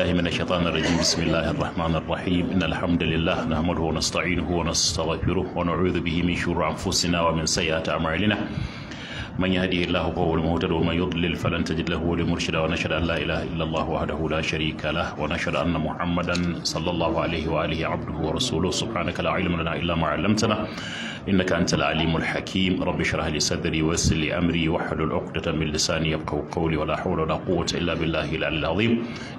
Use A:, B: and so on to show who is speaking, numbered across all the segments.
A: من الشيطان الرجيم بسم الله الرحمن الرحيم إن الحمد لله نحمده ونستعينه ونستغفره ونعوذ به من شرور أنفسنا ومن سيئات أعمالنا من يهدي الله فهو المهتد ومن يضلل فلن تجد له ولي مرشدا ونشهد أن لا إله إلا الله وحده لا شريك له ونشهد أن محمدا صلى الله عليه وآله عبده ورسوله سبحانك لا علم لنا إلا ما علمتنا إنك أنت العليم الحكيم رب اشرح لي صدري ويسر لي أمري واحلل عقدة من لساني يفقهوا قولي ولا حول ولا قوة إلا بالله العلي العظيم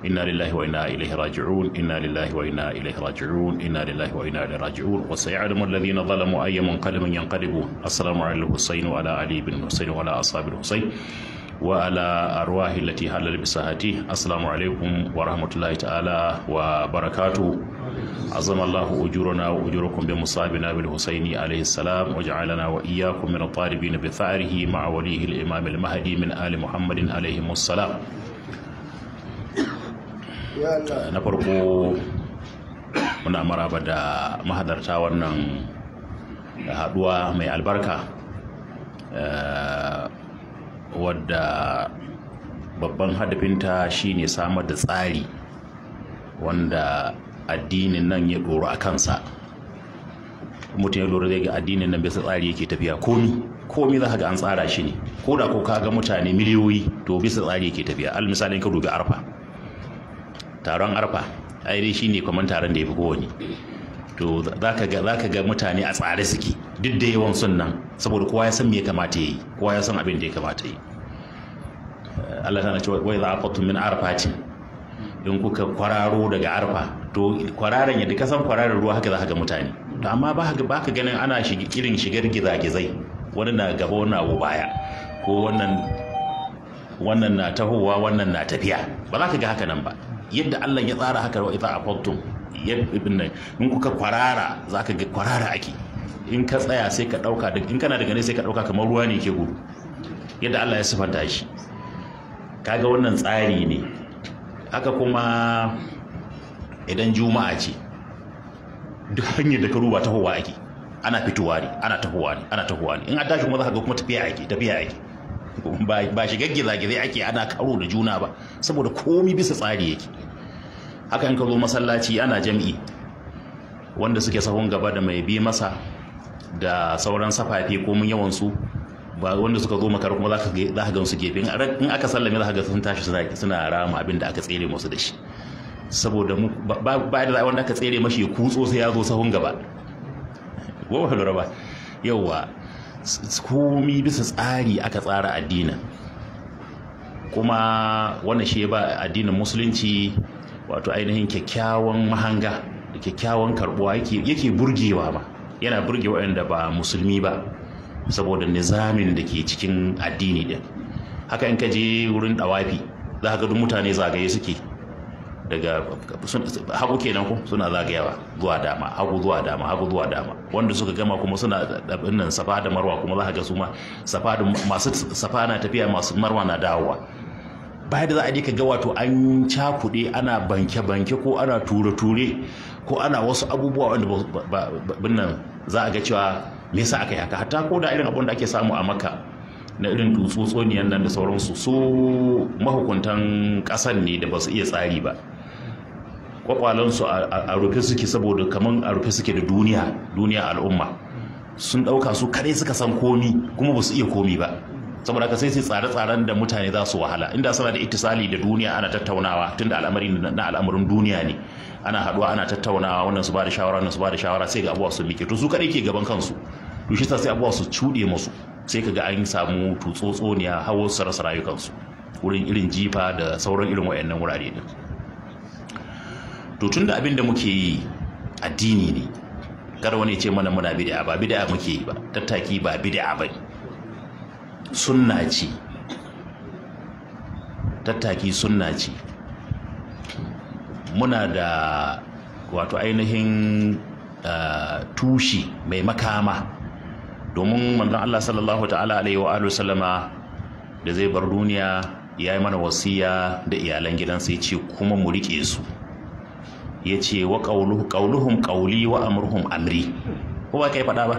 A: إنا لله وإنا إليه راجعون إنا لله وإنا إليه راجعون إنا لله وإنا إليه راجعون وسيعلم الذين ظلموا أي منقلب ينقلبون السلام على الحسين وعلى علي بن الحسين وعلى أصحاب الحسين وعلى أرواح التي حلل بساحته السلام عليكم ورحمة الله تعالى وبركاته عظم الله أجورنا وأجوركم بمصابنا بالحسين عليه السلام وجعلنا وإياكم من الطالبين بثاره مع وليه الإمام المهدي من آل محمد عليهم السلام na farko muna maraba da mahadarta wannan haduwa mai albarka Eh, wadda babban hadafinta shine samar da tsari wanda addinin nan ya ɗoro a kansa mutum ya lura zai addinin nan bisa tsari yake tafiya komi komi za ka ga an tsara shi ne ko da ko ka ga mutane miliyoyi to bisa tsari yake tafiya al misalin ka dubi arfa taron arfa ai dai shine kamar taron da ya fi kowane to za ka ga mutane a tsare suke duk da yawan sun nan saboda kowa ya san me ya kamata ya yi kowa ya san abin da ya kamata ya yi Allah tana cewa wai za a fatu min arfati in kuka kwararo daga arfa to kwararan yadda ka san kwararan ruwa haka za ka ga mutane to amma ba ka ganin ana irin shigar gizagizai wani na gaba wani abu baya ko wannan wannan na tahowa wannan na tafiya ba za ka ga haka nan ba yadda Allah ya tsara haka wa idza afaqtum ibn in kuka kwarara ka ga kwarara ake in ka tsaya sai ka dauka in kana daga ne sai ka dauka kamar ruwa ne ke gudu yadda Allah ya sifanta shi kaga wannan tsari ne haka kuma idan juma'a ce duk hanyar da ka ruba tahowa ake ana fitowa ne ana tahowa ne ana tahowa ne in an tashi kuma za ka ga kuma tafiya ake tafiya ake ba shigagge zage zai ake ana karo da juna ba saboda komi bisa tsari yake haka in ka zo masallaci ana jam'i wanda suke sahun gaba da mai bi masa da sauran safafe ko mun yawan su ba wanda suka zo makar kuma za ka gansu gefe in aka sallame za ka ga sun tashi suna rama abin da aka tsere musu da shi saboda mu ba da wanda aka tsere mashi kutso sai ya zo sahun gaba ko ba lura ba yauwa komi bisa tsari aka tsara addinin kuma wannan shi ba addinin musulunci wato ainihin kyakkyawan mahanga da kyakkyawan karbuwa yake burgewa ma yana burge waɗanda ba musulmi ba saboda nizamin da ke cikin addini din haka in ka je wurin dawafi za ka duk mutane zagaye suke daga hagu kenan ko suna zagayawa zuwa dama hagu zuwa dama hagu zuwa dama wanda suka gama kuma suna nan safa da marwa kuma za ka ga su ma safa na tafiya masu marwa na dawowa ba da za a je ka ga wato an cakuɗe ana banke-banke ko ana ture-ture ko ana wasu abubuwa wanda bin nan za a ga cewa me yasa aka yi haka hatta ko da irin abun da ake samu a maka na irin tsotsoniyan nan da sauransu su mahukuntan ƙasan ne da ba su iya tsari ba kwakwalansu a rufe suke saboda kamar a rufe suke da duniya duniya al'umma sun ɗauka su kare suka san komi kuma ba su iya komi ba saboda haka sai su tsare-tsaren da mutane za su wahala inda suna da itisali da duniya ana tattaunawa da al'amari na al'amarin duniya ne ana haɗuwa ana tattaunawa wannan su ba da shawara wannan su ba da shawara sai ga abuwa su like to su kadai ke gaban kansu to shi sai abuwa su cuɗe masu sai ka ga an samu tutsotsoniya hawo su rasa rayukansu wurin irin jifa da sauran irin wayannan wurare din to tun da abin da muke yi addini ne kada wani ce mana muna bid'a ba bid'a muke yi ba tattaki ba bid'a bane sunna ce tattaki sunna ce muna da wato ainihin tushi mai makama domin manzon Allah sallallahu ta'ala alaihi wa sallama da zai bar duniya ya yi mana wasiya da iyalan gidansa ya ce kuma mu riƙe su ya ce wa ƙauluhum ƙauli wa amurhum amri ko ba yi faɗa ba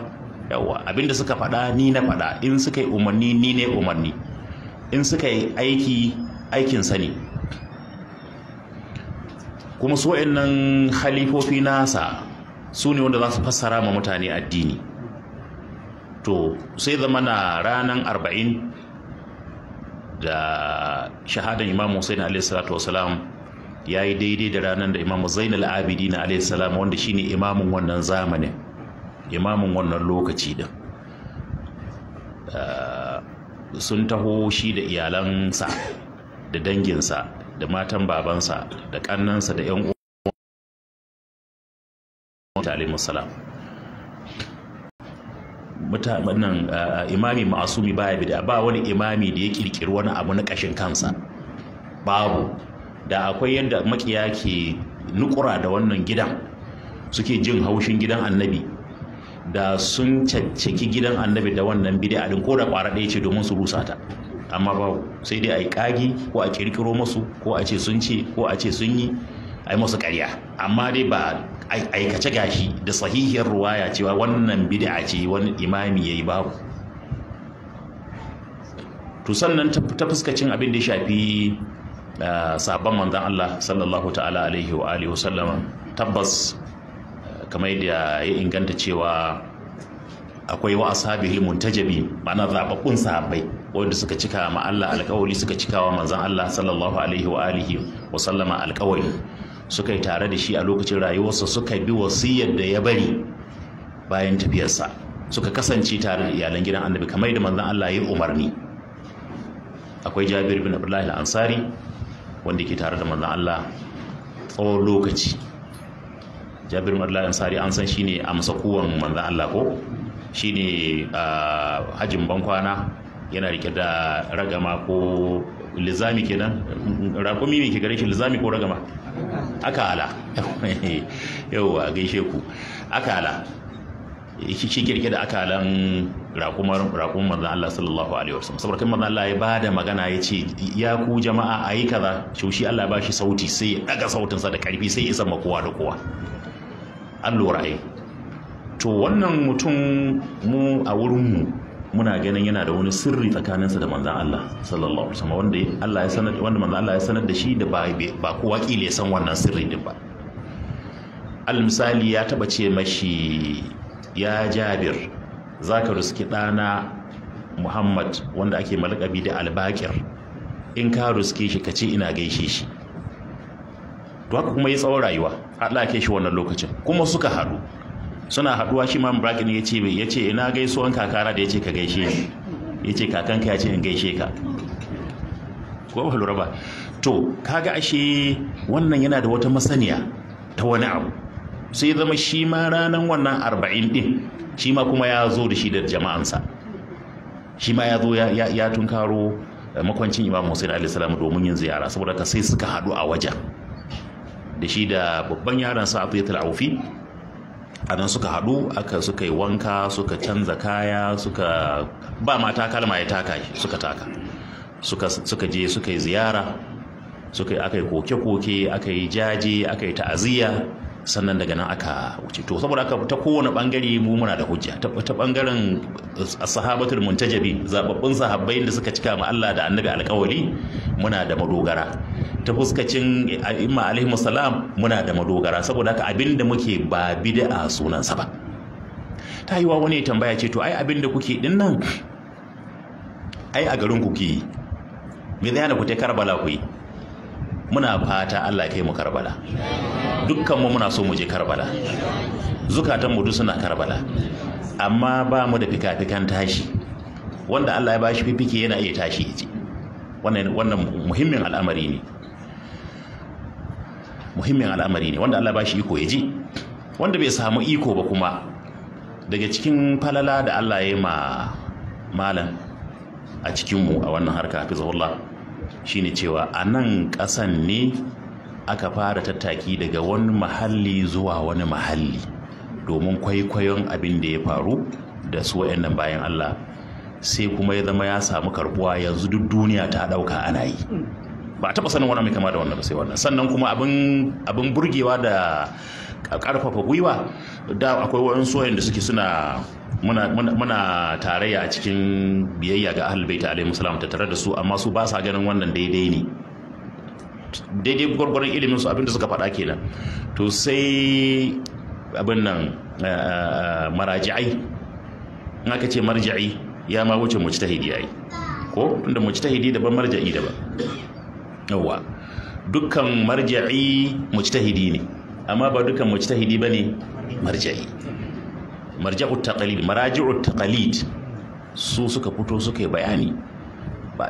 A: yawa abinda suka faɗa ni na faɗa in suka yi umarni ni ne umarni in suka yi aiki aikin sani kuma in nan halifofi nasa su ne wanda za su fassara ma mutane addini to sai zama na ranar arba'in da shahadan imam Hussein alaihi salatu wasalam ya yi daidai da ranar da imam Zainal abidina alaihi salam wanda shine Imamun wannan zamanin imamin wannan lokaci din eh, sun taho shi da iyalansa da danginsa da matan babansa da kannansa da 'yan uwa mutanen imami ma'asumi baya bida ba wani imami da ya kirkiri wani abu na ƙashin kansa babu da akwai yadda makiya ke nukura da wannan gidan suke jin haushin gidan annabi da sun caccaki gidan annabi da wannan bid'a din ko da ƙwara ɗaya ce domin su rusa ta amma ba sai dai a yi ƙagi ko a kirkiro musu ko a ce sun ce ko a ce sun yi a yi musu ƙarya amma dai ba aikace gashi da sahihiyar ruwaya cewa wannan bid'a ce wani imami ya yi babu to sannan ta fuskacin abin da ya shafi ah, sabon manzan Allah sallallahu ta'ala alaihi wa alihi tabbas kamar da ya inganta cewa akwai wa ashabihi muntajabi ma'ana zababbun sahabbai wanda suka cika ma Allah alƙawari suka cika wa manzon Allah sallallahu alaihi wa alihi wa sallama alƙawari suka yi tare da shi a lokacin rayuwarsa suka bi wasiyar da ya bari bayan tafiyarsa suka kasance tare da iyalan gidan annabi kamar da manzon Allah ya umarni akwai Jabir bin Abdullahi al-Ansari wanda ke tare da manzon Allah tsawon lokaci jabir madla ansari an san shine amsa kuwan manzan Allah ko shine hajjin bankwana yana rike da ragama ko lizami kenan raƙumi ne ke gare shi lizami ko ragama aka ala yauwa gaishe ku aka ala shi kirke da akalan rakumar raƙumin manzan Allah sallallahu alaihi wasallam saboda kai manzan Allah ya bada magana ya ce ya ku jama'a ayi kaza to shi Allah ba shi sauti sai ya daga sautin sa da karfi sai ya isa kowa da kowa an lura yi to wannan mutum mu a wurinmu muna ganin yana da wani sirri tsakaninsa da manzan Allah sallallahu alaihi wasallam wanda Allah ya sanar wanda manzan Allah ya sanar da shi da ba ba kowa kile san wannan sirri din ba al misali ya taba ce mashi ya Jabir zaka ruski dana Muhammad wanda ake malakabi da albakir in ka ruske shi ka ce ina gaishe shi to haka kuma ya tsawon rayuwa Allah ke shi wannan lokacin kuma suka haɗu suna haɗuwa shi man brakin ya ce ya ce ina gaisuwan kakana da ya ce ka gaishe ni ya ce kakanka ya ce in gaishe ka ko ba lura ba to kaga ashe wannan yana da wata masaniya ta wani abu sai zama shi ma ranar wannan arba'in ɗin, shi ma kuma ya zo da shi da jama'ansa shi ma ya zo ya tunkaro makwancin imam hussein alaihi domin yin ziyara saboda ka sai suka haɗu a wajen da shi da babban yaron sa atiyatul aufi a nan suka haɗu aka suka yi wanka suka canza kaya suka ba mata kalma ya taka suka taka suka je suka yi ziyara suka aka yi koke-koke aka yi jaje aka yi ta'aziyya sannan daga nan aka wuce to saboda aka ta kowane bangare mu muna da hujja ta bangaren eh, sahabatul muntajabi zababbun sahabbai da suka cika ma Allah da annabi alƙawari, muna da madogara ta fuskacin imma alaihi musallam muna da madogara saboda haka abinda muke ba bid'a sunansa ba ta yiwa wani tambaya ce to ai abinda kuke din nan ai a garin kuke me zai hana ku ta karbala ku yi muna fata Allah kai mu Karbala dukkan mu muna so mu je Karbala zukatan mu duk suna Karbala amma ba mu da fikafikan tashi wanda Allah ya bashi fifike yana iya tashi yace wannan wannan muhimmin al'amari ne muhimmin al'amari ne wanda Allah bashi iko ya ji wanda bai samu iko ba kuma daga cikin falala da Allah ya yi ma malam a cikinmu a wannan harka hafizahullah shine cewa a nan ƙasan ne aka fara tattaki daga wani mahalli zuwa wani mahalli domin kwaikwayon abin da ya faru da su waɗannan bayan Allah sai kuma ya zama ya samu karbuwa yanzu duk duniya ta ɗauka ana yi ba a taɓa sanin wani mai kama da wannan ba sai wannan sannan kuma abin burgewa da ƙarfafa gwiwa da akwai wani soyan da suke suna muna tarayya a cikin biyayya ga ahlul bait alaihi salam tare da su amma su ba sa ganin wannan daidai ne daidai gwargwaron ilimin su abinda suka faɗa kenan to sai abin nan eh, eh, maraji'ai in aka ce marja'i ya ma wuce mujtahidi ai ko inda mujtahidi daban marja'i daban yawa dukkan marja'i mujtahidi ne amma ba dukkan mujtahidi bane marja'i marja'ut taqalid maraji'ut taqalid su suka fito suka yi bayani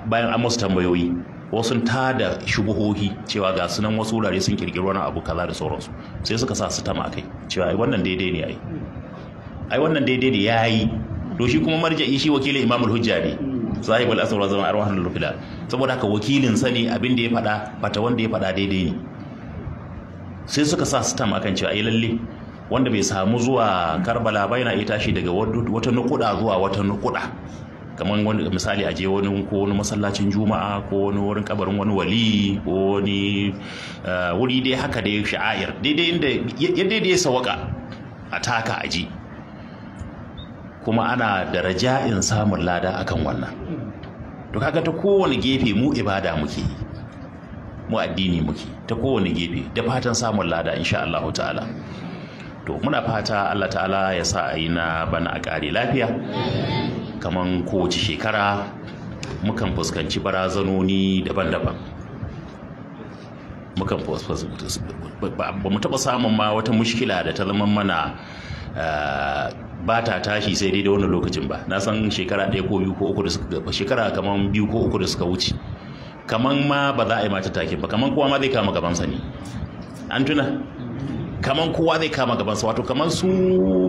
A: bayan an musu tambayoyi wasu ta da shubuhohi cewa ga sunan wasu wurare sun kirkiri wani abu kaza da sauransu sai suka sa su ma kai cewa ai wannan daidai ne ai ai wannan daidai ne yayi to shi kuma marja'i shi wakilin imamul hujja ne sahibul asr wa zaman arwahul lufila saboda haka wakilin sa ne abin da ya fada fata wanda ya fada daidai ne sai suka sa su ma kan cewa ai lalle wanda bai samu zuwa karbala ba yana iya tashi daga wata nukuda zuwa wata nukuda kamar wani misali aje wani ko wani masallacin juma'a ko wani wurin kabarin wani wali ko wani eh, wuri dai haka dai sha'air daidai inda yadda dai sawaka a taka aji kuma ana da in samun lada akan wannan to kaga ta kowane gefe mu ibada muke mu addini muke ta kowane gefe da fatan samun lada insha Allah ta'ala to muna fata Allah ta'ala ya sa a yi na bana a ƙare lafiya kamar kowace shekara mukan fuskanci barazanoni daban-daban mukan ba mu taɓa samun ma wata mushkila da ta zama mana eh, ba ta tashi sai dai da wani lokacin ba na san shekara ɗaya ko biyu ko uku da suka gaba shekara kamar biyu ko uku da suka wuce kamar ma ba za a yi mata take ba kamar kowa ma zai kama gaban ne an tuna kaman kowa zai kama gabansa wato kamar su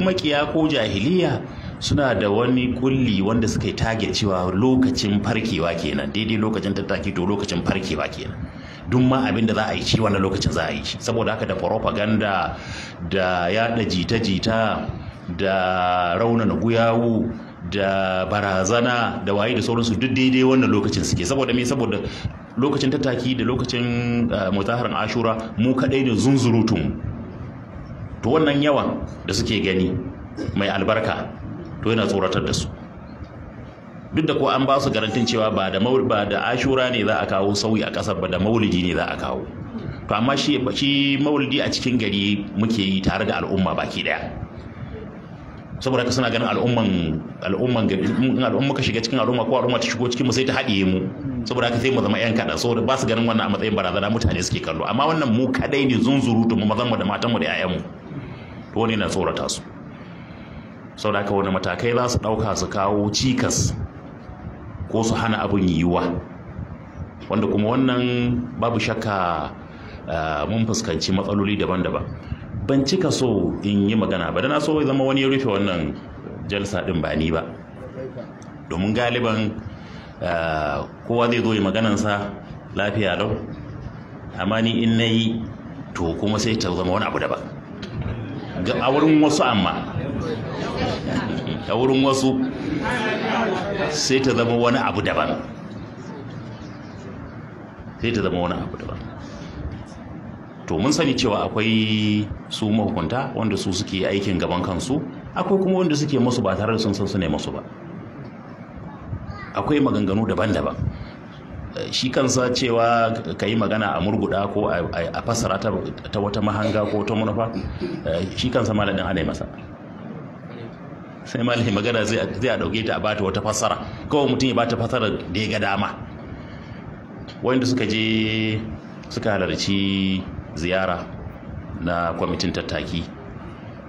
A: makiya ko jahiliya suna da wani kulli wanda suka yi target cewa lokacin farkewa kenan daidai lokacin tattaki to lokacin farkewa kenan duk ma abin da za a yi shi wannan lokacin za a yi shi saboda haka da propaganda da yada jita-jita da raunana guyawu da barazana da waye da sauransu duk daidai wannan lokacin suke saboda me saboda lokacin tattaki da lokacin eh, mutaharin ashura mu kadai ne zunzurutun to wannan yawan da suke gani mai albarka to yana tsoratar da su duk da ko an ba su garantin cewa ba da ba da ashura ne za a kawo sauyi a kasar ba da maulidi ne za a kawo to amma shi shi maulidi a cikin gari muke yi tare da al'umma baki daya saboda suna ganin al'umman al'umman gari in al'umma ka shiga cikin al'umma ko al'umma ta shigo cikin mu sai ta haɗiye mu saboda haka sai mu zama yan kaɗan saboda ba su ganin wannan a matsayin barazana mutane suke kallo amma wannan mu kadai ne zunzuru mu mazan mu da matan mu da 'ya'yan mu wani na tsorata su sau da wani matakai za su ɗauka su kawo cikas ko su hana abin yiwuwa wanda kuma wannan babu shakka eh, mun fuskanci matsaloli daban-daban ban cika so in yi magana ba da na so zama wani ya rufe wannan jalsa ɗin ba ni ba domin galiban eh, kowa zai zo yi maganansa lafiya lau amma ni in na yi to kuma sai ta zama wani abu daban a wurin wasu amma a wurin wasu sai ta zama wani abu daban sai ta zama wani abu daban to mun sani cewa akwai su mahukunta wanda su suke aikin gaban kansu akwai kuma wanda suke masu ba tare da sun san su ne masu ba akwai maganganu daban-daban shi kansa cewa ka yi magana a murguda ko a fassara ta wata mahanga ko ta manufa eh, shi kansa malamin ana yi masa sai malami magana zai a dauke ta a bata wata fassara kawai mutum ya bata fassara da ya ga dama wanda suka je suka halarci ziyara na kwamitin tattaki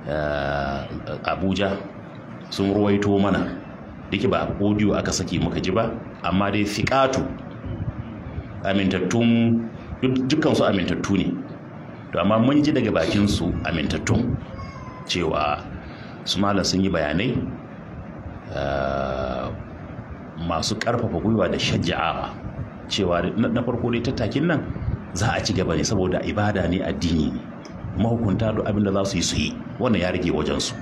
A: eh, abuja sun ruwaito mana duk ba audio aka saki muka ji ba amma dai fiƙatu amintattun dukkansu amintattu ne to amma mun ji daga bakinsu amintattun cewa su malam sun yi bayanai eh, masu karfafa gwiwa da shajja'awa cewa na farko dai tattakin nan za a ci gaba ne saboda ibada ne addini ne mahukunta duk abin da za su yi su yi wannan ya rage wajensu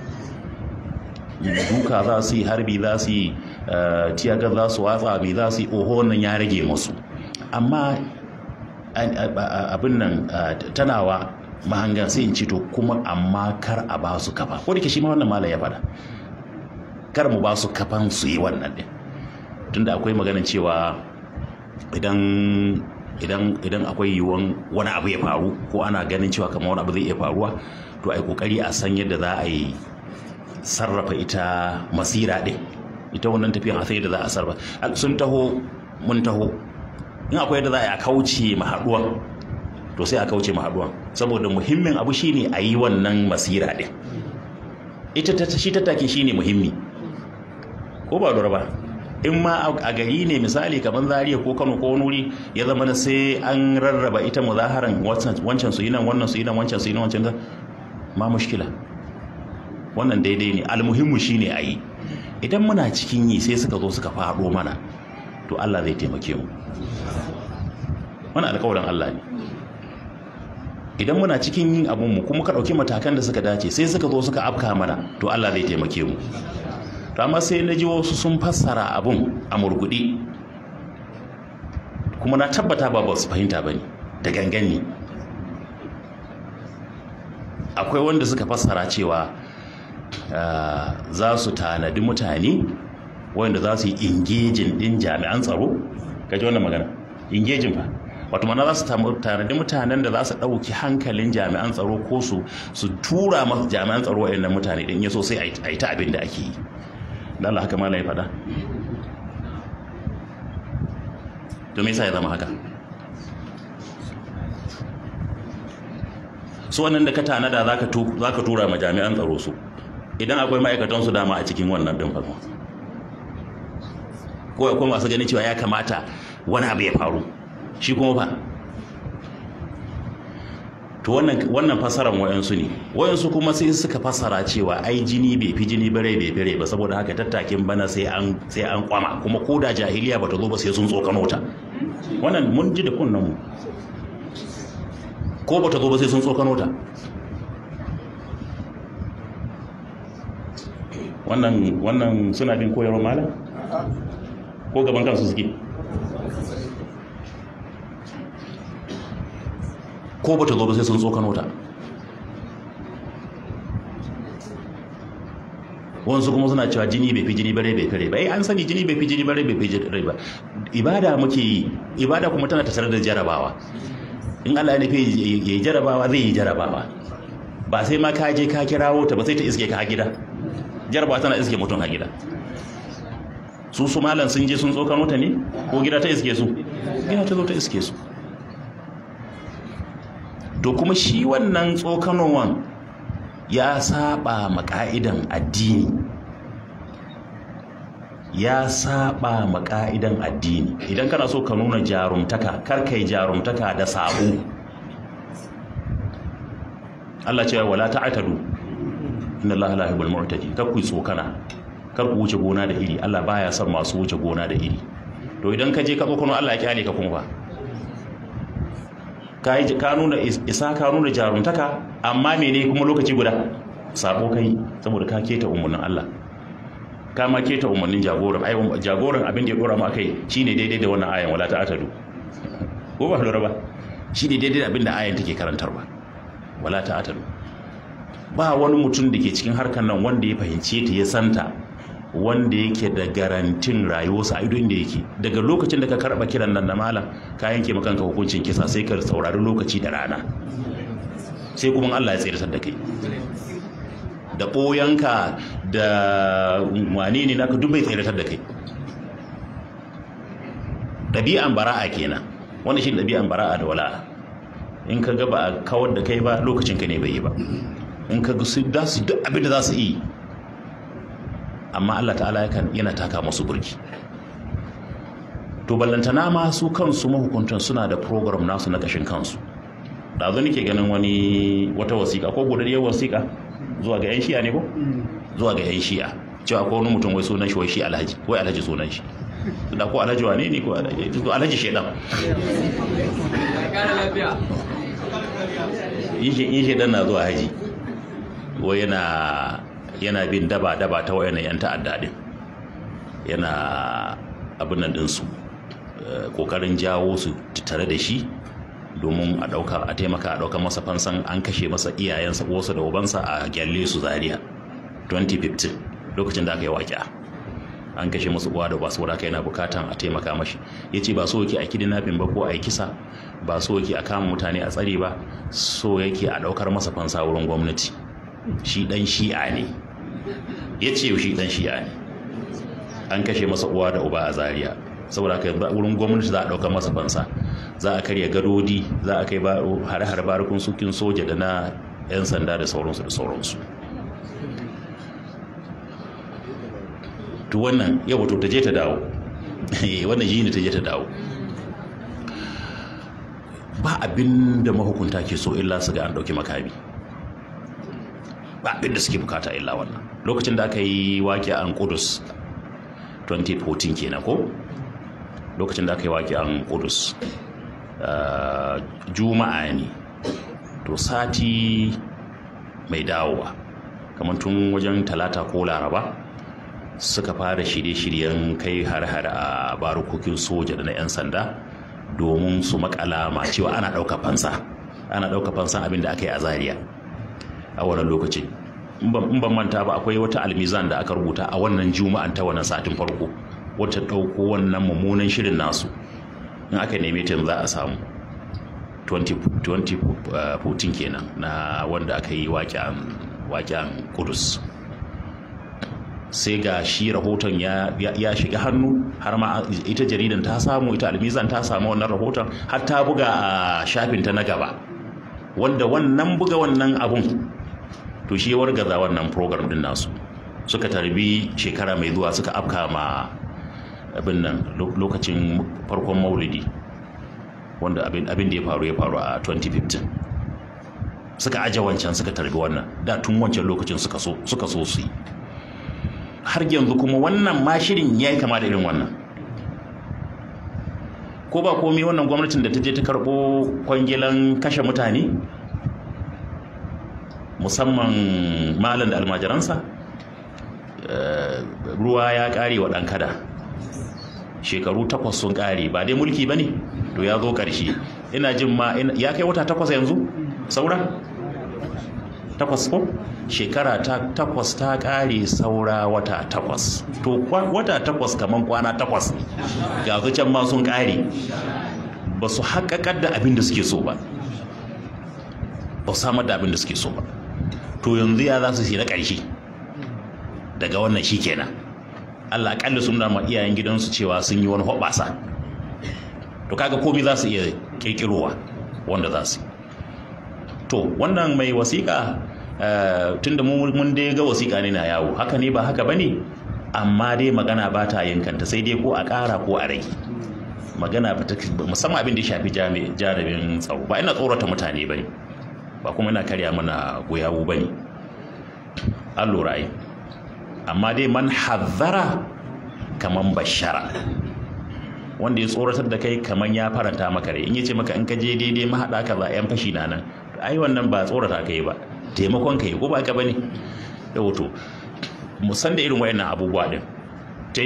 A: duka za su yi harbi za su yi eh, tiyagar za su watsa mai za su yi oho wannan ya rage musu amma abin nan tanawa mahanga sai in ce to kuma amma kar a ba su kafa ko shi ma wannan malam ya faɗa kar mu ba su kafan su yi wannan din tunda akwai maganin cewa idan idan idan akwai yiwuwan wani abu ya faru ko ana ganin cewa kamar wani abu zai iya faruwa to ai kokari a san yadda za a yi sarrafa ita masira din ita wannan tafiya a san yadda za a sarrafa sun taho mun taho in akwai yadda za a kauce ma to sai a kauce ma saboda muhimmin abu shine a yi wannan masira ɗin ita ta shi tattakin shine muhimmi ko ba lura ba in ma a gari ne misali kamar zaria ko kano ko wani ya zama na sai an rarraba ita muzaharan wancan su yi nan wannan su yi nan wancan su yi nan wancan ma mushkila wannan daidai ne almuhimmu shine a yi idan muna cikin yi sai suka zo suka faɗo mana to Allah zai taimake mu wani alkawarin Allah ne idan muna cikin yin abun kuma ka ɗauki matakan da suka dace sai suka zo suka afka mana to Allah zai taimake mu to amma sai na ji wasu sun fassara abun a murguɗe kuma na tabbata ba ba su fahimta ba ne da gangan ne akwai wanda suka fassara cewa ah, za su tanadi mutane wanda za su yi ingejin ɗin jami'an tsaro ka wannan magana engaging fa wato mana za su tanadi mutanen da za su ɗauki hankalin jami'an tsaro ko su su tura masu jami'an tsaro wa'annan mutane din so sai a yi ta abin da ake yi da Allah haka mala ya faɗa to me yasa ya zama haka su wannan da ka tanada za ka tura ma jami'an tsaro su idan akwai ma'aikatan su dama a cikin wannan din fa ko kuma masu ganin cewa ya kamata wani abu ya faru shi kuma fa to wannan wannan fasaran wayansu ne wayansu kuma sai suka fasara cewa ai jini bai fi jini bare bai bare ba saboda haka tattakin bana sai an sai an kwama kuma koda jahiliya bata zo ba sai sun tsokano ta wannan mun ji da kunnan mu ko bata zo ba sai sun tsokano ta wannan wannan suna bin koyarwar malam ko gaban kansu suke ko ba ta zo ba sai sun tsokano ta wansu kuma suna cewa jini bai fi jini bare bai kare ba eh an sani jini bai fi jini bare bai fi jini ba ibada muke yi ibada kuma tana tattare da jarabawa in Allah ya nufi yayi jarabawa zai yi jarabawa ba sai ma ka je ka kirawo ta ba sai ta iske ka a gida jarabawa tana iske mutum a gida su su malam sun je sun tsokan wuta ne ko gida ta iske su gida ta zo ta iske su to kuma shi wannan tsokanowan ya saba ma ka'idan addini ya saba ma ka'idan addini idan kana so ka nuna jarumtaka kar kai jarumtaka da sabo Allah ce wala ta'atadu inna Allah la yuhibbul mu'tadin kar ku tsokana kar ku wuce gona da iri Allah baya son masu wuce gona da iri to idan ka je ka tsokano Allah ya kyale ka kuma ba ka yi ka nuna isa ka nuna jaruntaka amma mene kuma lokaci guda sabo kai saboda ka keta umarnin Allah ka ma keta umarnin jagoran ai um, jagoran abin da ya dora ma kai shine daidai da wannan ayan wala atadu. ko ba lura ba shine daidai da abin da ayan take karantarwa wala atadu. ba wani mutum da ke cikin harkar nan wanda ya fahimce ta ya santa wanda yake da garantin rayuwarsa a ido inda yake daga lokacin da ka karba kiran nan na malam ka yanke kanka hukuncin kisa sai ka saurari lokaci da rana sai kuma Allah ya tsirtar da kai da koyanka da wani ne naka duk bai da kai ɗabi'an bara'a kenan wanda shi ɗabi'an bara'a da wala in ka ga ba a kawar da kai ba lokacin ka ne bai yi ba in ka ga su duk abin da za su yi amma Allah ta'ala yana taka musu burki to ballantana ma su kansu mahukuntan suna da program nasu na kashin kansu da zo ke ganin wani wata wasiƙa ko godadiyar wasiƙa zuwa ga 'yan shiya ne ko mm. zuwa ga 'yan shiya cewa ko wani mutum wai sunan shi wai shi alhaji wai alhaji sunan shi da ko alhaji wa ne ne ko alhaji shedan yin shedan na zuwa haji wai yana yana bin daba-daba ta wayan 'yan ta'adda din yana abin nan ɗinsu eh, kokarin jawo su tare da shi domin a ɗauka a taimaka a ɗaukar masa fansan an kashe masa iyayensa wasu da ubansa a gyalle su zaria 2015 lokacin da aka yi waƙiya an kashe masu uwa da basu wadaka yana bukatan a taimaka mashi ya ce ba so yake a kidnapping ba ko a kisa ba so yake a kama mutane a tsare ba so yake a ɗaukar masa fansa wurin gwamnati shi dan shi'a ne ya ce shi dan shi'a ne an kashe masa uwa da uba a zaria saboda haka yanzu wurin gwamnati za a ɗauka masa fansa za a karya gadodi za a kai har-har barukun sukin soja da na 'yan sanda da sauransu da sauransu to wannan ya wato ta je ta dawo eh, wannan yi ne ta je ta dawo ba abin da mahukunta ke so illa su ga an ɗauki makami ba abin da suke bukata illa wannan lokacin da aka yi waƙi an kudus 2014 kenan ko lokacin da aka yi waƙi an kudus ah, juma'a ne to sati mai dawowa kamar tun wajen talata ko laraba suka fara shirye-shiryen kai har-har a barukokin soja da na 'yan sanda domin su makala ma cewa ana ɗauka fansa ana ɗauka fansa abin da aka yi a zariya a wannan lokacin in ban manta ba akwai wata almizan da aka rubuta a wannan juma'an ta wannan satin farko wata ɗauko wannan mummunan shirin nasu in aka neme ta za a samu 2014 uh, kenan na wanda aka yi waƙen kudus sai ga shi rahoton ya shiga hannu har ma ita jaridan ta samu ita almizan ta samu wannan rahoton har ta buga a shafinta na gaba wanda wannan buga wannan abun to shi ya gaza wannan program din nasu suka tarbi shekara mai zuwa suka afka ma abin nan lokacin farkon maulidi wanda abin da ya faru ya faru a 2015 suka aje wancan suka tarbi wannan da tun wancan lokacin suka so suka so su yi har yanzu kuma wannan ma shirin ya yi kama da irin wannan ko ba komi wannan gwamnatin da ta je ta karɓo kwangilan kashe mutane musamman malam da almajiransa eh, ruwa ya ƙare wa ɗan kada shekaru takwas sun ƙare ba dai mulki ba ne to ya zo ƙarshe ina jin ma ya kai wata takwas yanzu saura takwas ko shekara ta takwas ta ƙare saura wata takwas to wata takwas kamar kwana takwas ga su can ma sun ƙare ba su haƙaƙar da abin da suke so ba ba su samar da abin da suke so ba to yanzu ya za su shi na ƙarshe daga wannan shi kenan Allah aƙalla sun dama iyayen gidansu cewa sun yi wani hoɓasa to kaga komai za su iya ƙirƙirowa wanda za su to wannan mai wasiƙa eh, tun da mun dai ga wasiƙa ne na yawo haka ne ba haka ba ne amma dai magana ba ta yankanta sai dai ko a ƙara ko a rage magana musamman abin da ya shafi jami'in tsaro ba ina tsorata mutane ba ne ba kuma ina karya mana goyawu ba ne an lura yi amma dai man hazara kaman bashara wanda ya tsoratar da kai kaman ya faranta maka rai in ya ce maka in ka je daidai mahaɗa ka za yan fashi na nan ai wannan ba tsorata kai yi ba taimakon ka yi ko ba ka bane da wato musan da irin wayannan abubuwa din ta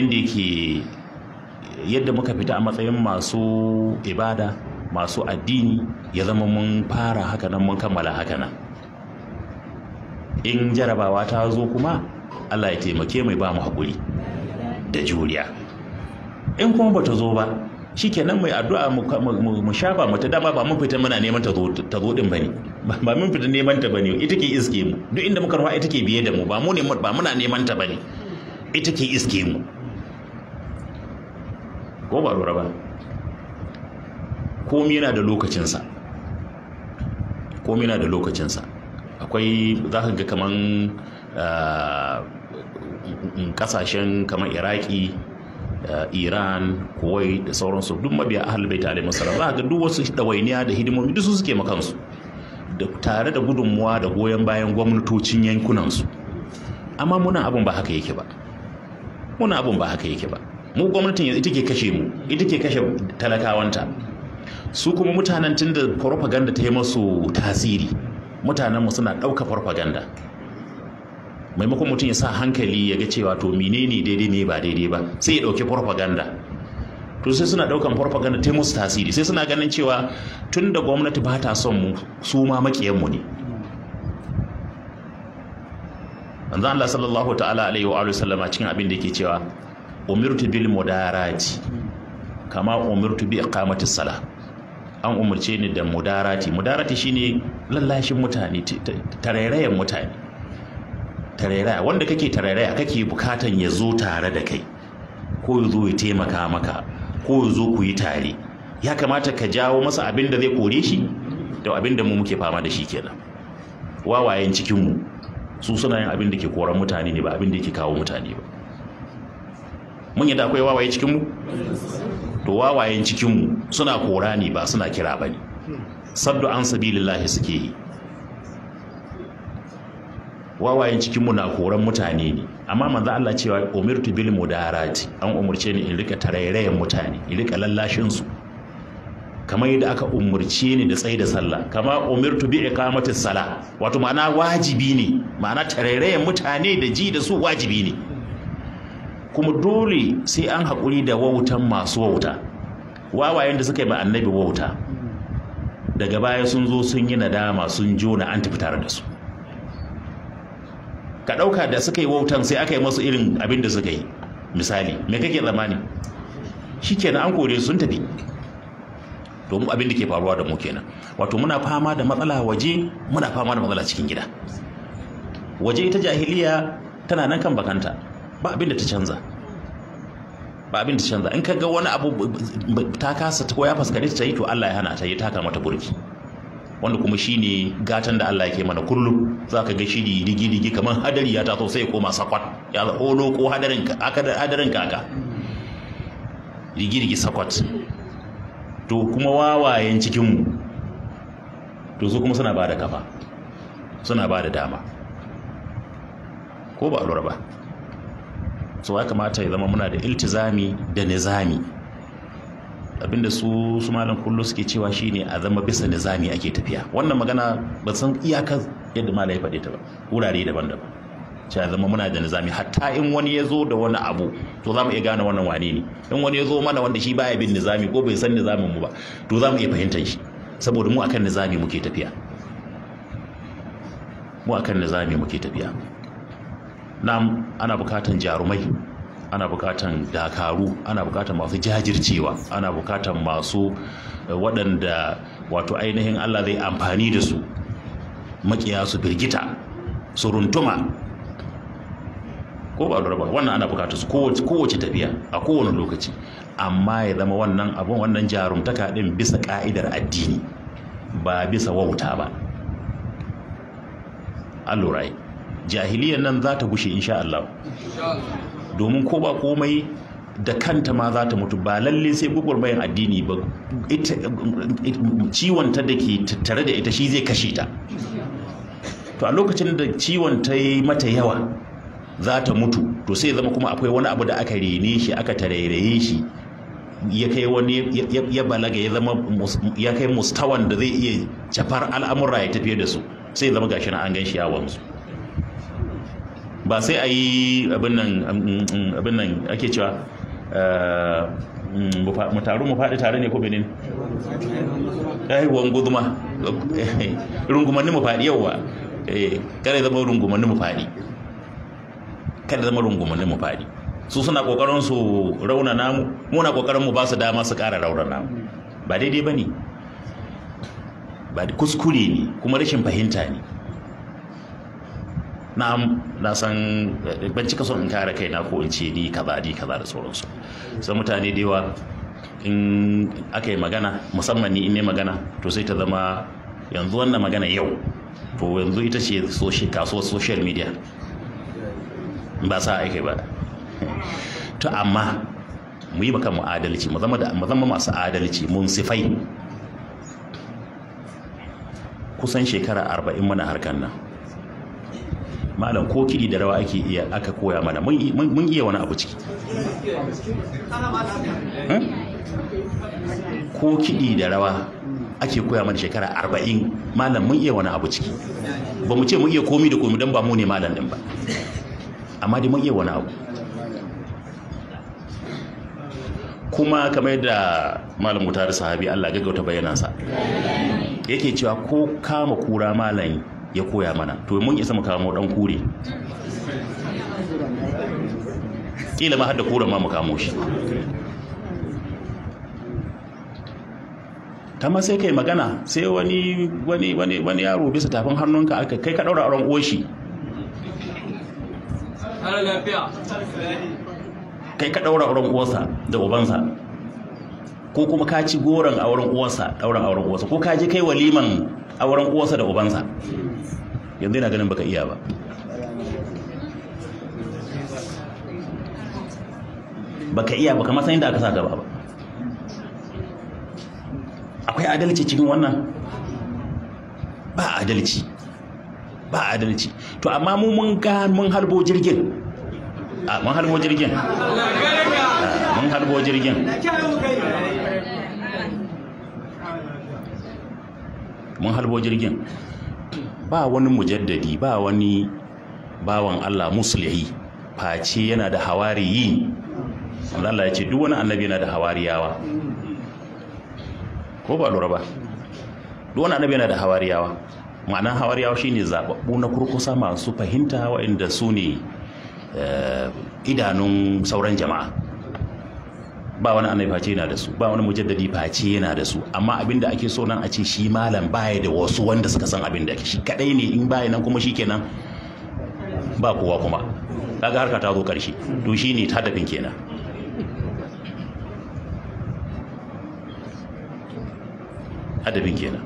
A: yadda muka fita a matsayin masu ibada masu addini ya zama mun fara hakanan mun kammala hakanan in jarabawa ta zo kuma allah ya taimake mai ba mu haƙuri da juriya in kuma ta zo ba shi kenan mai addu'a mu shafa mu ta dama ba mun fita muna neman ta zo din ba ne, ba mun fita neman ta ba ne. ita ke iske mu duk inda muka ruwa ita ke biye da mu ba mu ba muna neman ta ba ne, ita ke iske mu ko ba lura ba komi yana da lokacinsa komi yana da lokacinsa akwai za ka ga kaman ah, kasashen kamar iraki ah, iran kuwai da sauransu duk mabiya ahal bai tare masara za ga duk wasu ɗawainiya da hidimomi duk su suke makansu tare da gudunmuwa da goyon bayan gwamnatocin yankunansu amma muna abin ba haka yake ba muna abin ba haka yake ba mu gwamnatin yanzu ita ke kashe mu ita ke kashe talakawanta su kuma mutanen tun da farfaganda ta yi masu tasiri mutanenmu suna ɗauka farfaganda maimakon mutum ya sa hankali ya ga cewa to menene daidai ne ba daidai ba sai ya ɗauki farfaganda to sai suna ɗaukan farfaganda ta yi masu tasiri sai suna ganin cewa tun da gwamnati ba ta son mu su ma mu ne manzo Allah sallallahu ta'ala alaihi wa sallama cikin abin da yake cewa umirtu bil mudarati kama umirtu bi iqamati salah an umarce ni da mudarati mudarati shine lallashin mutane tarairayan mutane tarairaya wanda kake tarairaya kake bukatan ya zo tare da kai ko ya zo ya taimaka maka ko ya zo ku yi tare ya kamata ka jawo masa abin da zai kore shi da abin da mu muke fama da shi kenan wawayen cikinmu su suna yin abin da ke koran mutane ne ba abin da yake kawo mutane ba mun yadda akwai wawaye cikinmu to wawayen cikinmu suna kora ne ba suna kira ba ne saddu an sabilillahi suke yi wawayen cikinmu na koran mutane ne amma manzo Allah cewa umirtu bil mudarati an umurce ni in rika tarairayen mutane in rika lallashin su kamar yadda aka umurce ni da tsayi da sallah kama umirtu bi iqamati sala wato ma'ana wajibi ne ma'ana tarairayen mutane da ji da su wajibi ne kuma dole sai an haƙuri da wautan masu wauta wawayen da suka yi annabi wauta daga baya sun zo sun yi nadama sun jona an tafi tare da su ka ɗauka da suka yi wautan sai aka yi masu irin abin da suka yi misali mai kake tsammani kenan an kore sun tafi domin abin da ke faruwa da mu kenan wato muna fama da matsala waje muna fama da matsala cikin gida waje ita jahiliya tana nan kan bakanta ba abin da ta canza ba abin da ta canza in ka ga wani abu ta kasa ta ya faskare ta yi to Allah ya hana ta yi kama ta burki wanda kuma shine gatan da Allah yake mana kullum zaka ga shi digi digi kamar hadari ya taso sai ya koma sakwat ya holo ko hadarin ka aka hadarin kaka digi digi sakwat to kuma wawayen cikinmu to su kuma suna ba da kafa suna ba da dama ko ba lura ba so ya kamata ya zama muna da iltizami da nizami abinda su su malam kullu suke cewa shine a zama bisa nizami ake tafiya wannan magana ba san iyakar yadda malam ya faɗe ta ba wurare daban-daban cewa zama muna da nizami hatta in wani ya zo da wani abu to za mu iya gane wannan wane ne in wani ya zo mana wanda shi baya bin nizami ko bai san nizamin mu ba to za mu iya fahimtar shi saboda mu akan nizami muke tafiya mu akan nizami muke tafiya nam ana bukatan jarumai ana bukatan dakaru ana bukatan masu jajircewa ana bukatan masu eh, waɗanda wato ainihin allah zai amfani da su makiya su birgita su runtuma ko ba ba wannan ana bukatar su kowace tafiya a kowane lokaci amma ya zama wannan abun wannan jarumtaka din bisa ka'idar addini ba bisa wauta ba allurai jahiliyar nan za ta gushe insha Allah domin ko ba komai da kanta ma za ta mutu ba lalle sai gwagwarmayar addini ba ciwon ta da ke tattare da ita shi zai kashe ta to a lokacin da ciwon ta yi mata yawa za ta mutu to sai zama kuma akwai wani abu da aka rene shi aka tarairaye shi ya kai wani ya balaga ya zama ya kai mustawan da zai iya cafar al'amura ya tafiye da su sai zama gashi na an gan shi yawon su ba sai a yi abin nan mm, mm, mm, ake cewa eh, mu taru mu faɗi tare ne ko benin eh, aiwon guduma rungumanni mu faɗi yauwa eh, kada zama rungumanni mu faɗi kada zama rungumanni mu faɗi su suna kokarin su rauna namu muna kokarin mu ba su dama su ƙara raura namu ba daidai ba ne ba kuskure ne kuma rashin fahimta ne na'am na san eh, ban cika son in kare kaina ko in ce ni kaza ni kaza da sauransu sai mutane da yawa in aka yi magana musamman ni in yi magana to sai ta zama yanzu wannan magana yau to yanzu ita ce kasuwar social media ba sa aiki ba to amma mu yi baka mu adalci mu zama masu adalci mun sifai kusan shekara arba'in muna harkar nan malam ko kiɗi da rawa ake iya aka koya mana mun iya wani abu ciki hmm? ko kiɗi da rawa ake koya mana shekara arba'in malam mun iya wani abu ciki ba mu ce mun iya komi da komi don ba mu ne malam din ba amma dai mun iya wani abu kuma kamar yadda malam mutar sahabi Allah gaggauta bayanansa yake cewa ko kama kura malam ya koya mana to mun isa mu kamo dan kure kila ma har da kuren ma mu kamo shi ta sai kai magana sai wani wani wani wani yaro bisa tafin hannunka aka kai ka daura auren shi kai ka daura auren uwarsa da ubansa ko kuma ka ci goron auren uwarsa daura auren uwarsa ko ka je kai waliman wurin uwansa da ubansa yanzu yana ganin baka iya ba baka iya baka masan inda aka sa gaba ba akwai adalci cikin wannan ba adalci ba adalci to amma mu mun ga mun harbo jirgin ah, mun harbo jirgin ah, mun harbo jirgin mun halbo jirgin ba wani mujaddadi ba wani bawan Allah muslihi face yana da hawariyi Allah ya ce duk wani annabi yana da hawariyawa ko ba lura ba duk wani annabi yana da hawariyawa ma'anar hawariyawa shine zababbu na kurkusa masu fahimta waɗanda su ne eh, idanun sauran jama'a ba wani annabi face yana da su ba wani mujaddadi face yana da su amma abin da ake so nan a ce shi malam baya da wasu wanda suka san abin da ake shi kadai ne in baya nan kuma shikenan ba kowa kuma kaga harka ta zo karshe to shine hadafin kenan hadafin kenan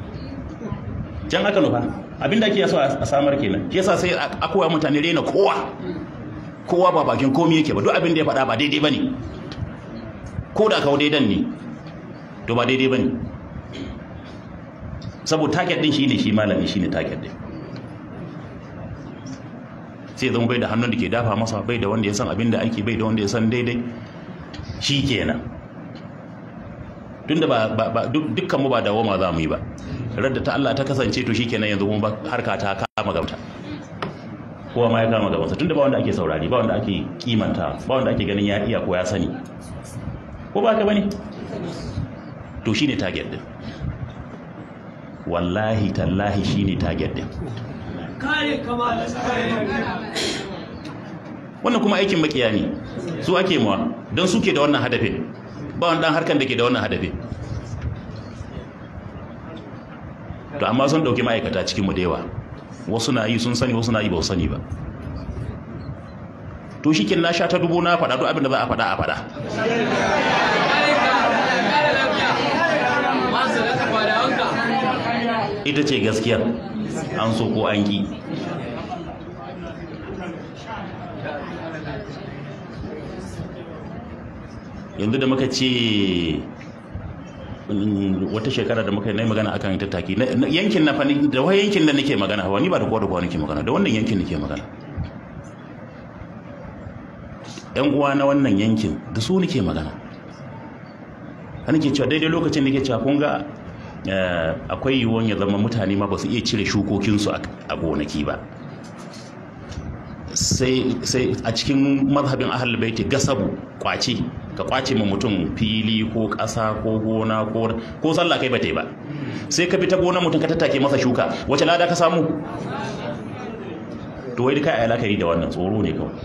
A: jan aka nufa abin da ake yaso a samar kenan shi yasa sai a koya mutane rena kowa kowa ba bakin komai yake ba duk abin da ya faɗa ba daidai bane ko da kawo daidan ne to ba daidai ba ne saboda taket din shi ne shi malami shi ne taket din sai zama bai da hannun da ke dafa masa bai da wanda ya san abin da ake bai da wanda ya san daidai shi kenan tunda ba dukkan mu ba dawoma za mu yi ba radda ta Allah ta kasance to shi kenan yanzu mu harka ta kama gauta kowa ma ya kama gabansa tunda ba wanda ake saurari ba wanda ake kimanta ba wanda ake ganin ya iya ko ya sani ko ba ka bane to shine target din wallahi tallahi shine target din wannan kuma aikin makiya ne su ake mawa don suke da wannan hadafin ba wani dan harkan da ke da wannan hadafin to amma sun dauki ma'aikata cikin mu da yawa wasu na yi sun sani wasu na yi ba sani ba to shi kin sha ta dubu na faɗa duk abin da za a faɗa a faɗa ita ce gaskiyar an so ko an ki yanzu da muka ce mm, wata shekara da muka yi magana akan tattaki yankin na fa da wani yankin da nake magana wani ba da kowa da kowa nake magana da wannan yankin nake magana yan uwa na wannan yankin da su nake magana an ke cewa daidai lokacin da ke cewa kun ga eh, akwai yiwuwan ya zama mutane ma ba su iya cire shukokinsu a gonaki ba sai a cikin mazhabin ahal baiti gasabu kwace ka kwace ma mutum fili ko ƙasa ko gona ko sallah kai bata yi ba sai ka bi ta gona mutum ka tattake masa shuka wace lada ka samu to wai duka a yi da wannan tsoro ne kawai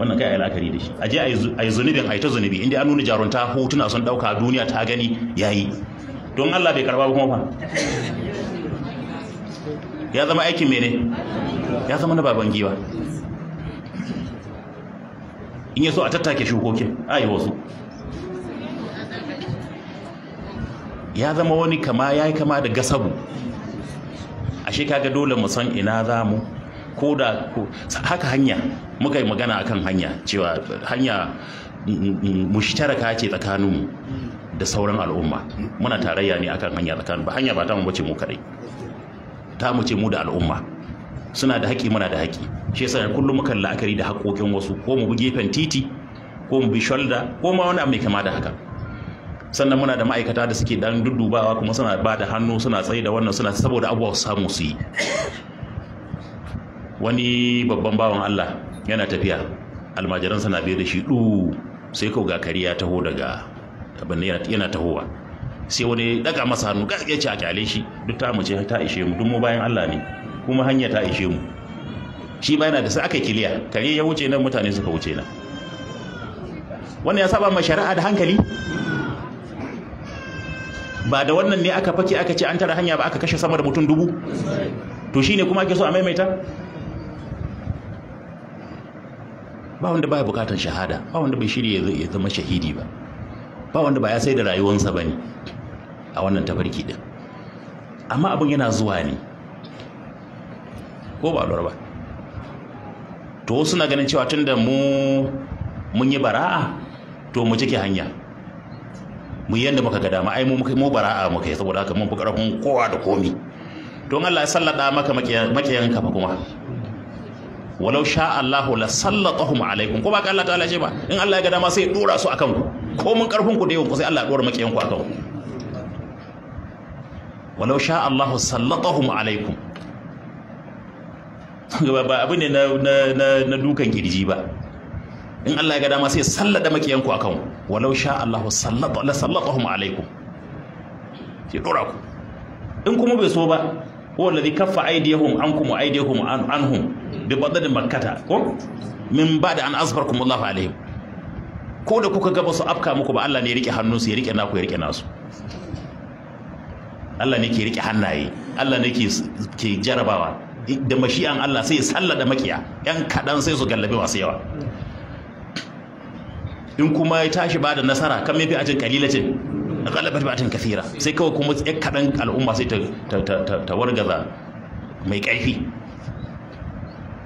A: wannan kai a la'akari da shi a je a yi zunubin a yi ta zunubi inda an nuna jarunta hotuna sun ɗauka duniya ta gani ya yi. don Allah bai karba kuma fa ya zama aikin mene ya zama na baban giwa in so a tattake shukokin a yi wasu ya zama wani kama ya yi kama da gasabu ashe kaga dole mu san ina za mu ko da haka hanya muka yi magana akan hanya cewa hanya mushtaraka ce tsakaninmu da sauran al'umma muna tarayya ne akan hanya tsakanin ba hanya ba ta mu bace mu kadai ta mu ce mu da al'umma suna da haƙi muna da haƙi shi yasa kullum mukan la'akari da haƙoƙin wasu ko mu bi gefen titi ko mu bi shoulder ko ma wani abu mai kama da haka sannan muna da ma'aikata da suke dan duddubawa kuma suna ba da hannu suna tsaye da wannan suna saboda abuwa su samu su yi wani babban bawan Allah yana tafiya almajiransa na biye da shi ɗu sai kau ga kari ya taho daga abin yana tahowa sai wani daga masa hannu ya ce a kyale shi duk ta mu ce ta ishe mu dumo bayan Allah ne kuma hanya ta ishe mu shi ba yana da sai aka kiliya kare ya wuce nan mutane suka wuce nan wannan ya saba ma shari'a da hankali ba da wannan ne aka fake aka ce an tara hanya ba aka kashe sama da mutum dubu to shine kuma ake so a maimaita ba wanda baya bukatan shahada ba wanda bai shirya ya zama shahidi ba ba wanda ba ya sai da rayuwansa ba ne a wannan tafarki din amma abin yana zuwa ne ko ba lura ba to wasu na ganin cewa tun da mu mun yi bara'a to mu cike hanya mu yi yadda muka ga dama ai mu bara'a muka yi saboda haka mun fi karfin kowa da komi don Allah ya sallada maka makiyanka fa kuma walau sha Allahu la sallatahum alaikum ko ba ka Allah ta'ala ce ba in Allah ya ga dama sai ya dora su akan ku ko mun karfin ku da yawan ku sai Allah ya dora makiyan ku akan ku walau sha Allahu sallatahum alaikum ba abu ne na dukan kirji ba in Allah ya ga dama sai sallada makiyanku akan walau sha Allah sallatahum alaikum ya dora ku in kuma bai so ba huwa alladhi kaffa aydiyahum ankum wa aydiyahum anhum bi badr makkata ko min ba'da an azfarkum Allahu alayhim ko da kuka ga su afka muku ba Allah ne ya rike hannunsu ya rike naku ya rike nasu Allah ne ke rike hannaye Allah ne ke ke jarabawa da mashi'an Allah sai ya sallada makiya yan kadan sai su gallabe masu yawa in kuma ya tashi ba da nasara kan mafi ajin kalilacin galabat ba'atan kathira sai kawai kuma ya kaɗan al'umma sai ta wargaza mai kaifi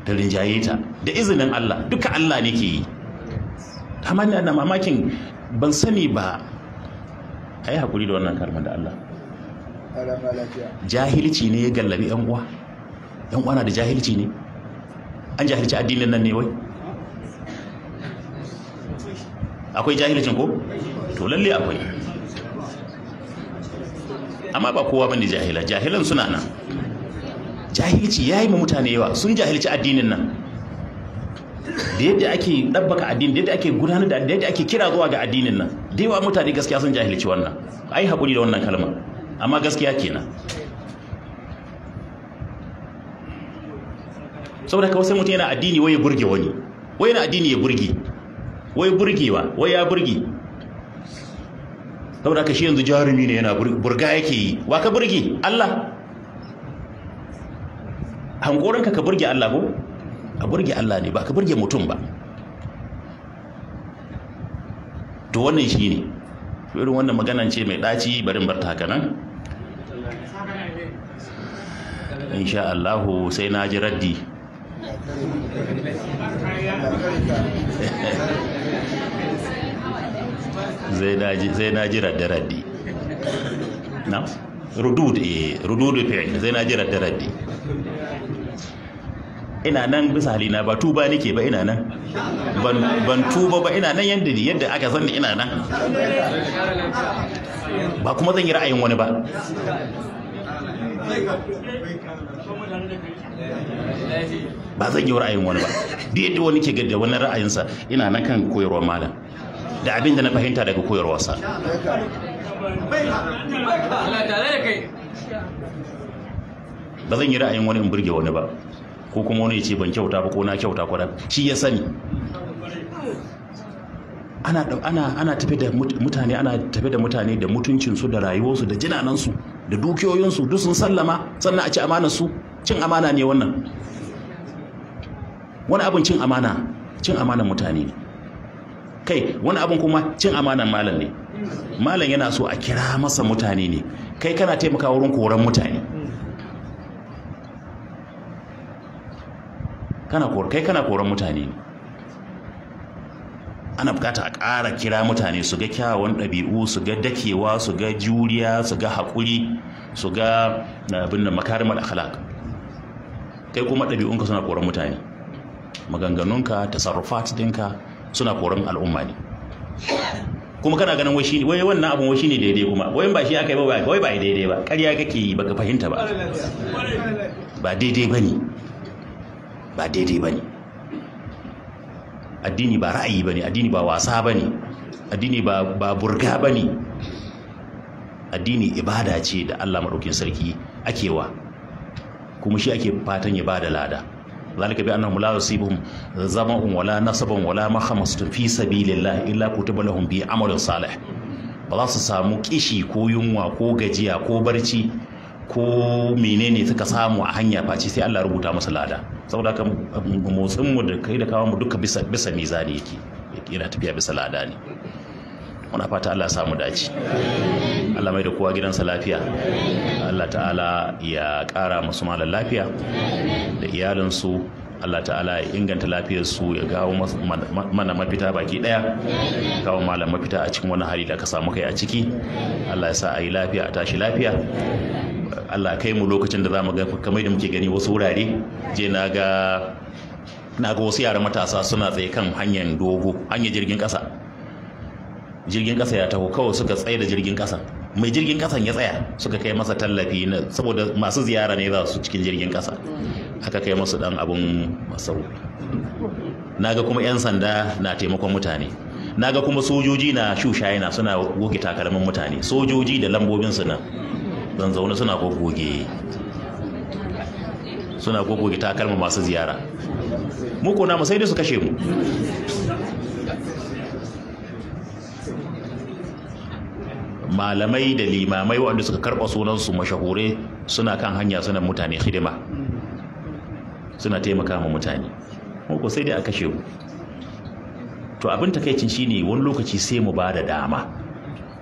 A: ta rinjaye ta da izinin Allah duka Allah ne ke yi amma ana mamakin ban sani ba a yi haƙuri da wannan kalmar da Allah jahilci ne ya gallabi yan uwa yan uwa na da jahilci ne an jahilci addinin nan ne wai akwai jahilcin ko to lalle akwai amma ba kowa bane jahila jahilan suna nan jahilci ya yi ma mutane yawa sun jahilci addinin nan da yadda ake dabbaka addini da yadda ake gudanar da yadda ake kira zuwa ga addinin nan da yawa mutane gaskiya sun jahilci wannan ai hakuri da wannan kalma amma gaskiya kenan saboda ka sai mutum yana addini wai ya burge wani wai yana addini ya burge wai burgewa wai ya burge saboda haka shi yanzu jarumi ne yana burga yake yi wa ka burge Allah hankorinka ka burge Allah ko a burge Allah ne ba ka burge mutum ba to wannan shi ne irin wannan maganan ce mai ɗaci barin barta haka nan insha Allahu sai na ji raddi zai na ji radde raddi na rududu eh zai na ji radde raddi ina nan bisa halina ba tuba nake ba ina nan ban tuba ba ina nan yadda yadda aka zanni ina nan ba kuma zan yi ra'ayin wani ba ba zan yi ra'ayin wani ba da yadda wani ke gadda wani ra'ayinsa ina nan kan koyarwa malam da abin da na fahimta daga koyarwarsa ba zan yi ra'ayin wani in burge wani ba ko kuma wani ya ce ban kyauta ba ko na kyauta ko shi ya sani ana tafi da mutane ana tafi da mutane da mutuncinsu da rayuwarsu da jinanansu da dukiyoyinsu duk sun sallama sannan a ci amana su cin amana ne wannan wani abin cin amana cin amanan mutane ne kai wani abin kuma cin amanan malam ne malam yana so a kira masa mutane ne kai kana taimaka wurin koran mutane kai kana koran mutane ne ana bukata a ƙara kira mutane su ga kyawun ɗabi'u su ga dakewa su ga juriya su ga haƙuri su ga abin makarimar akhlaq kai kuma ɗabi'unka suna koran mutane maganganunka tasarrufat ɗinka suna koran al'umma ne kuma kana ganin wai shine wai wannan abun wai shine daidai kuma wai ba shi aka yi ba wai ba daidai ba ƙarya kake yi baka fahimta ba ba daidai bane ba daidai bane addini ba ra'ayi bane addini ba wasa bane addini ba ba burga bane addini ibada ce da Allah madaukin sarki akewa kuma shi ake fatan ya bada lada zalika bi annahum la yusibuhum zama'un wala nasabun wala mahamastun fi sabilillah illa kutiba lahum bi amalin salih ba za su samu kishi ko yunwa ko gajiya ko barci ko menene suka samu a hanya face sai Allah rubuta masa lada saboda haka motsin da kai da kawo mu duka bisa bisa mizani yake yana tafiya bisa lada ne muna fata Allah samu dace Allah mai da kowa gidansa lafiya Allah ta'ala ya kara musu malar lafiya da iyalinsu Allah ta'ala ya inganta lafiyarsu ya gawo mana mafita baki daya kawo malam mafita a cikin wani hali da ka samu kai a ciki Allah ya sa a yi lafiya a tashi lafiya Allah kai mu lokacin da za mu ga kamar da muke gani wasu wurare je na ga na ga wasu yara matasa suna tsaye kan hanyar dogo hanyar jirgin kasa jirgin kasa ya taho kawai suka tsaye da jirgin kasa mai jirgin kasan ya tsaya suka kai masa tallafi na saboda masu ziyara ne za su cikin jirgin kasa aka kai masu dan abun masau naga kuma yan sanda na taimakon mutane naga kuma sojoji na shushaye suna goge takalmin mutane sojoji da lambobin su na zan zaune suna goge suna goge takalmin masu ziyara mu kona mu sai dai su kashe mu malamai da limamai waɗanda suka karɓa sunansu mashahure suna kan hanya suna mutane hidima suna taimaka ma mutane ko sai dai a kashe mu to abin takaicin shine wani lokaci sai mu ba da dama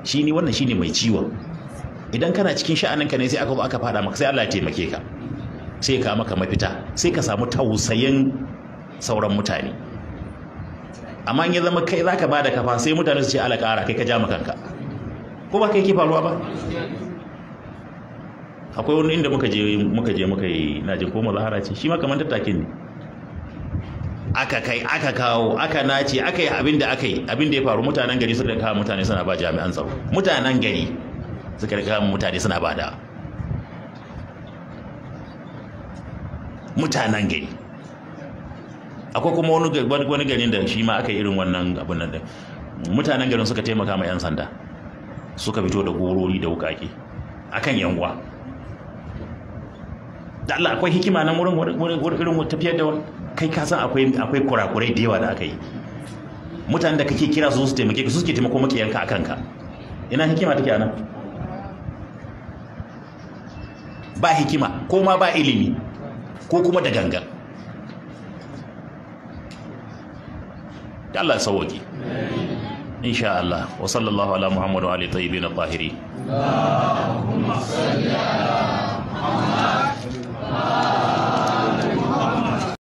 A: shi ne wannan shine mai ciwon idan kana cikin sha'aninka ne sai aka zo aka faɗa maka sai Allah ya taimake ka sai ka maka mafita sai ka samu tausayin sauran mutane amma in ya zama kai zaka da kafa sai mutane su ce ala ƙara kai ka ja kanka ko ba kai ke faruwa ba akwai wani inda muka je muka je muka yi na jin ko zahara ce shi ma kamar tattakin ne aka kai aka kawo aka nace aka yi abin da aka yi abin da ya faru mutanen gari suka kawo mutane suna ba jami'an tsaro mutanen gari suka kawo mutane suna ba da mutanen gari akwai kuma wani garin da shi ma aka yi irin wannan abin nan mutanen garin suka taimaka ma 'yan sanda suka fito da gorori da wukaki a kan yanguwa da Allah akwai hikima nan wurin wurin tafiyar da kai ka san akwai akwai kurakurai da yawa da aka yi mutanen da kake kira su su taimake ka su suke taimako maka yanka akan ka ina hikima take anan ba hikima ko ma ba ilimi ko kuma da ganga da Allah amin insha Allah wa sallallahu ala Muhammadu wa ali tayyibin at Allahumma salli ala Muhammad